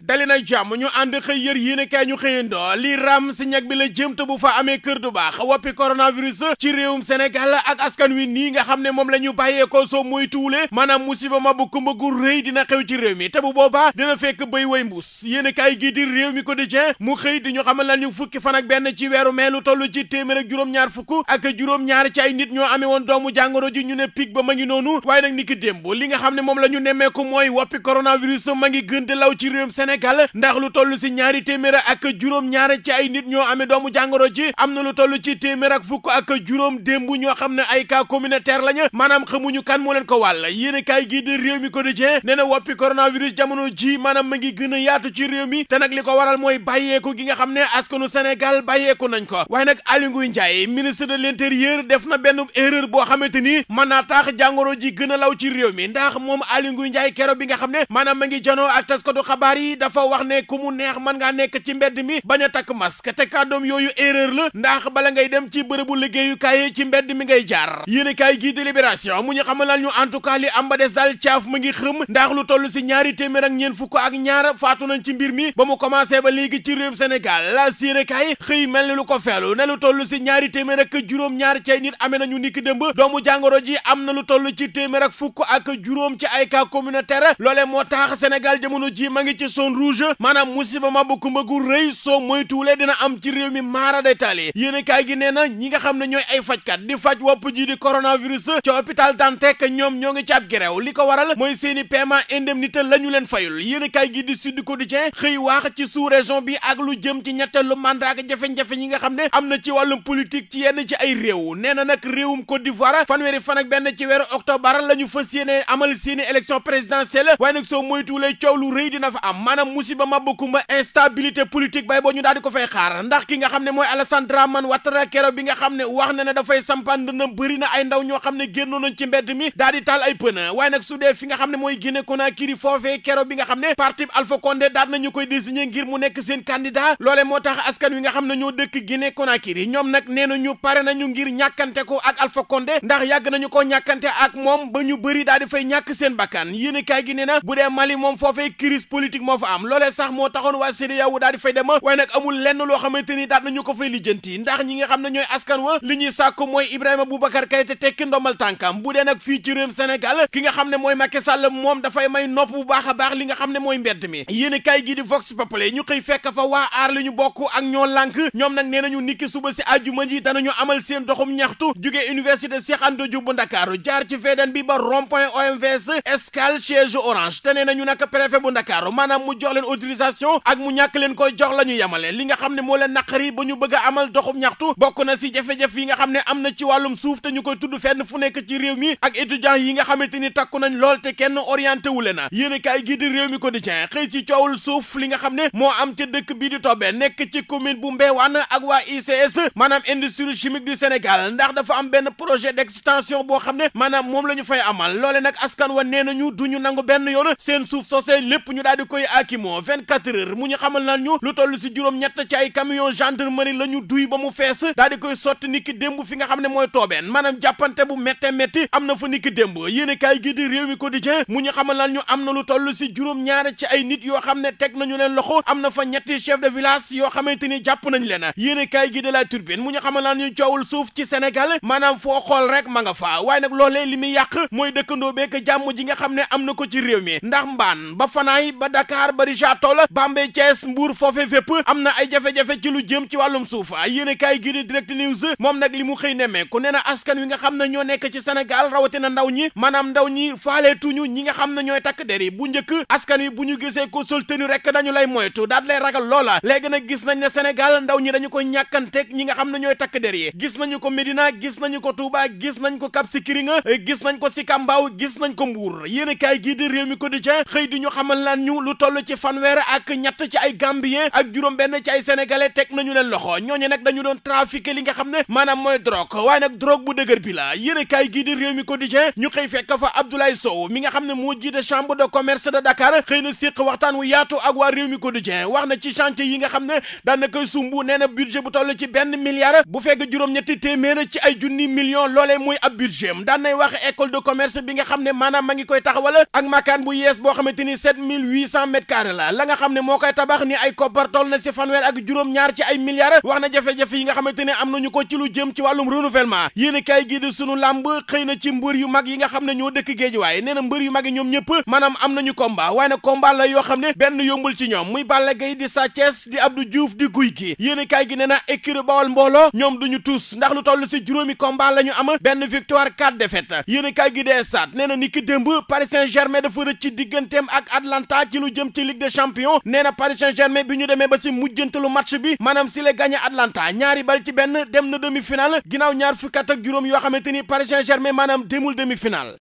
dali na jàmm ñu ànd xëy yër yéen kaay ñu xëyandoo li ram si ñag bi la jëm te bu fa amee kër du baax woppi coronavirus ci réewum Sénégal ak askan wi nii nga xam ne moom la ñu bàyyeekoo soo mooy tuule maanaam musiba ma bu kumba gu rëy dina xew ci réew mi te bu boobaa dina fekk béy way mbuus yéen kaay gii di réew mi quotidien mu xëy di ñu xamal lan fukki fan ak benn ci weeru mee lu toll ci téeméer ak juróom-ñaar fukk ak juróom-ñaar ci ay nit ñoo amee woon doomu jàngoro ji ñu ne pig ba ma ngi noonu waaye ni ki li nga xam ne moom la ñu nemmeeku mooy woppi coronavirus ma ngi gën law ci réewum Sénégal ndax lu toll si ñaari téeméer ak juróom-ñaar ci ay nit ñoo amee doomu jàngoro ji am na lu toll ci téeméer ak fukk ak juróom démb ñoo xam ne ay cas communautaire lañu maanaam xamuñu kan moo leen ko wàll yéen kaay gii di réew mi quotidien nee na woppi coronavirus jamono ji maanaam ma ngi gën a yaatu ci réew mi te nag li ko waral mooy bàyyeeku gi nga xam ne askanu Sénégal bàyyeeku nañ ko waaye nag Aly Ngouille Ndiaye ministre de l'intérieur def na benn erreur boo xamante ni mën naa tax jàngoro ji gën a law ci réew mi ndax moom Aly Ngouille Ndiaye kero bi nga xam ne maanaam ma ngi janoo ak taskatu xabaar yi dafa wax ne ku mu neex mën ngaa nekk ci mbedd mi bañ a takk masque te kàddoom yooyu erreur la ndax bala ngay dem ci bërëbu liggéeyukaay ci mbedd mi ngay jaar kaay gi di Libération mu ñu xamalal ñu en tout cas li am ba des daal caaf mu ngi xëm ndax lu toll si ñaari téeméer ak ñeent fukk ak ñaar faatu nañ ci mbir mi ba mu commencé ba léegi ci réew Sénégal la yéenekaay xëy mel ni lu ko feelu ne lu toll si ñaari téeméer ak juróom ñaar cay nit amee nañu niki dëmb doomu jàngoro ji am na lu toll téeméer fukk ak juróom ci ay cas communautaire loole moo tax Sénégal jamono ji ma ngi ci son zone rouge maanaam musiba ma bu kumba gu rëy soo moytuwulee dina am ci réew mi maara day taali yéene kaay gi nee na ñi nga xam ne ñooy ay fajkat di faj wopp ji di coronavirus ci hôpital Dantec ñoom ñoo ngi ci ab grève li ko waral mooy seeni paiement indemnité la ñu leen fayul yéene gi di Sud Quotidien xëy waax ci sous région bi ak lu jëm ci ñetteelu mandat ak jafe-jafe yi nga xam ne am na ci wàllum politique ci yenn ci ay réew nee na nag réewum Côte d'Ivoire fanweeri fan ak benn ci weeru octobre la ñu fas yéene amal seeni élection présidentielle waaye nag soo moytuwulee coow lu rëy dina am maanaam musiba mabba kumba instabilité politique bay boo ñu daal di ko fay xaar ndax ki nga xam ne mooy Alassane Dramane Ouattara keroog bi nga xam ne wax na ne dafay sampan na bëri na ay ndaw ñoo xam ne génnoon nañ ci mbedd mi daal di taal ay pëna waaye nag su dee fi xam ne mooy Guinée Conakry foofee keroog bi nga xam ne parti Alpha Condé daal nañu koy désigner ngir mu nekk seen candidat loole moo tax askan wi nga xam ne ñoo dëkk Guinée Conakry ñoom nag nee na ñu pare nañu ngir ñàkkante ko ak Alpha Condé ndax yàgg nañu ko ñàkkante ak moom ba ñu bëri daal di fay ñàkk seen bakkan yéen kaay gi nee na bu dee Mali moom foofee crise politique moo fa am loolee sax moo taxoon waa CEDEAO daal di fay dem waaye nag amul lenn loo xamante ni daat nañu ko fay lijjanti ndax ñi nga xam ne ñooy askan wa li ñuy sàkku mooy Ibrahima Boubacar Keïta tekki ndombal tànkam bu dee nag fii ci réewum Sénégal ki nga xam ne mooy Macky Sall moom dafay may nopp bu baax a baax li nga xam ne mooy mbedd mi yéen i kayi gii di Vox Populi ñu xëy fekk fa waa aar li ñu bokk ak ñoo lànk ñoom nag nee nañu niki suba si àjjuma ji danañu amal seen doxum ñaxtu jugee université Cheikh Anta Diop bu Ndakaaru jaar ci VDN bi ba rond-point OMVS escale siège Orange te nee nañu nag préfet bu Ndakaaru maanaam mu jox leen autorisation ak mu ñàkk leen koy jox la ñu yemale li nga xam ne moo leen naqari ba ñu bëgg a amal doxum ñaxtu bokk na si jafe-jafe yi nga xam ne am na ci wàllum suuf te ñu koy tudd fenn fu nekk ci réew mi ak étudiants yi nga xamante ni takku nañ lool te kenn orienté wu leen yéen kaay gi di réew mi ko quotidien xëy ci coowul suuf li nga xam ne moo am ca dëkk bii di tobe nekk ci commune bu mbeewaan ak waa ICS maanaam industrie chimique du Sénégal ndax dafa am benn projet d'extension boo xam ne maanaam moom la ñu fay amal loole nag askan wa nee nañu du ñu nangu benn yoon seen suuf soosee lépp ñu daal di koy Akimo 24 heures mu ñu xamal naan lu toll si juróom ñett ci ay camion gendarmerie la ñu duy ba mu fees daal di koy sotti ni démb fi nga xam ne mooy toobeen maanaam jàppante bu métte métti am na fa ni ki démb yéen kaay gi di réew mi quotidien mu ñu xamal naan ñu am na lu toll si juróom ñaar ci ay nit yoo xam ne teg nañu leen loxo am na fa ñetti chef de village yoo xamante ni jàpp nañ leen yéen kaay gi de la turbine mu ñu xamal naan ñu coowul suuf ci Sénégal maanaam foo xool rek ma nga fa waaye nag loolee li muy yàq mooy dëkkandoo beek jàmm ji nga xam ne am na ko ci réew mi ndax Dakar bari jàttoo la Bambey Thiès Mbour foofe fépp am na ay jafe-jafe ci lu jëm ci wàllum suuf yéen kaay gi di direct news moom nag li mu xëy nemmee ku nee na askan wi nga xam ne ñoo nekk ci Sénégal rawatina ndaw ñi maanaam ndaw ñi ñu ñi nga xam ne ñooy takk der yi bu njëkk askan wi bu ñu gisee ko sol tenue rek dañu lay moytu daat lay ragal loola léegi na gis nañ ne Sénégal ndaw ñi dañu ko ñàkkanteeg ñi nga xam na ñooy takk der yi gis nañu ko Médina gis nañu gis nañ ko Cap Skirring gis nañ ko Sicap Mbao gis nañ ko Mbour yéen kaay gi di réew mi quotidien xëy di ñu xamal lan ñu lu toll ci fanweer ak ñett ci ay gambien ak juróom benn ci ay sénégalais teg nañu leen loxo ñooñu nag dañu doon trafiquer li nga xam ne maanaam mooy drogue waaye nag drogue bu dëgër bi a kaay na waxtaan wu yaatu ak na ci yi nga xam ne daan na koy sumb nee na bu fekk juróom-ñetti téeméer ci ay junni million loolee muy ab budget daan nay wax école de commerce bi ngi koy taxawal ak makaan bu yees boo xamante ni 7800 mètres carré la la nga xam ne moo koy tabax ni ay koppar toll na si fanweer ak juróom-ñaar ci ay milliards wax na jafe-jafe yi nga xamante ne am nañu ko ci lu jëm ci wàllum renouvellement yéen a kaay gii di sunu làmb xëy na ci mbër yu mag yi nga xam ne ñoo dëkk géejuwaay nee na mbër yu mag yi ñoom ñëpp maanaam am nañu combat waaye nag combat la yoo xam ne benn yombul ci ñoom muy Balla Gaye di Sa Thiès di Abdou Diouf di Gouye Gui yéen a kaay gi nee na écurie Bawol mbooloo ñoom duñu tus ndax lu toll juróomi combat la ñu am benn victoire quatre défaites yéen gi dee nee na niki démb Paris Saint-Germain dafa rëcc ci digganteem ak Atlanta ci lu jëm ci ci Ligue des champions nee na Paris Saint-Germain bi ñu demee ba si mujjantalu match bi maanaam si la gagné Atlanta ñaari bal ci benn dem na demi-finale ginnaaw ñaar fukki at ak juróom yoo xamante ni Paris Saint-Germain maanaam demul demi-finale